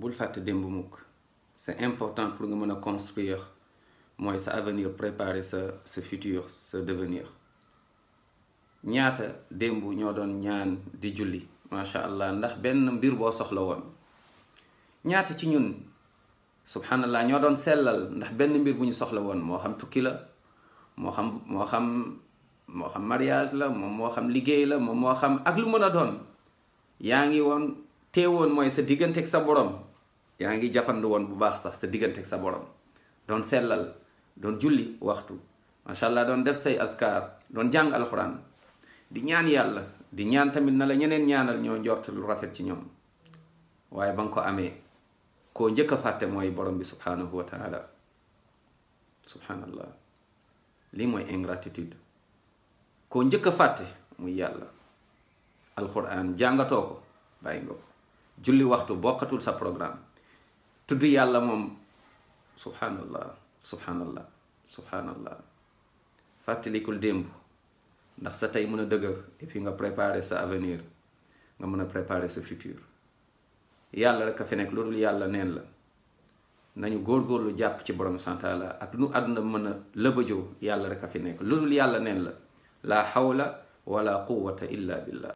bul fàtte démb mukk c'est important pour nga mën a construire mooy sa avenir préparer sa sa futur sa devenir ñaata démb ñoo doon ñaan di julli macha allah ndax benn mbir boo soxla woon ñaata ci ñun subhanallah ñoo doon sellal ndax benn mbir bu ñu soxla woon moo xam tukki la moo xam moo xam moo xam mariage la moom moo xam liggéey la moom moo xam ak lu mën a doon yaa ngi woon teewoon mooy sa digganteeg sa borom yaa ngi jafandu bu baax sax sa digganteeg sa borom doon sellal doon julli waxtu macha doon def say adkaar doon jàng di ñaan yàlla di ñaan tamit na la ñeneen ñaanal ñoo njort lu rafet ci ñoom waaye ba nga ko amee koo njëkk a fàtte mooy borom bi subhanahu wa taala subhanallah lii mooy ingratitude koo njëkk a fàtte muy yàlla alxuraan jàngatoo ko bàyyi nga ko julli waxtu bokkatul sa programme tudd yàlla moom subhanallah subhanallah subhanallah fàttalikul démb ndax sa tey mën a dëgër et puis nga préparer sa avenir nga mën a préparer sa futur yàlla rek a fi nekk loolu yàlla neen la nañu góorgóorlu jàpp ci borom santaala ak nu àdduna mën a lëbëjoo yàlla rek a fi nekk loolu yàlla neen la laa xawla wala quwwata illa billah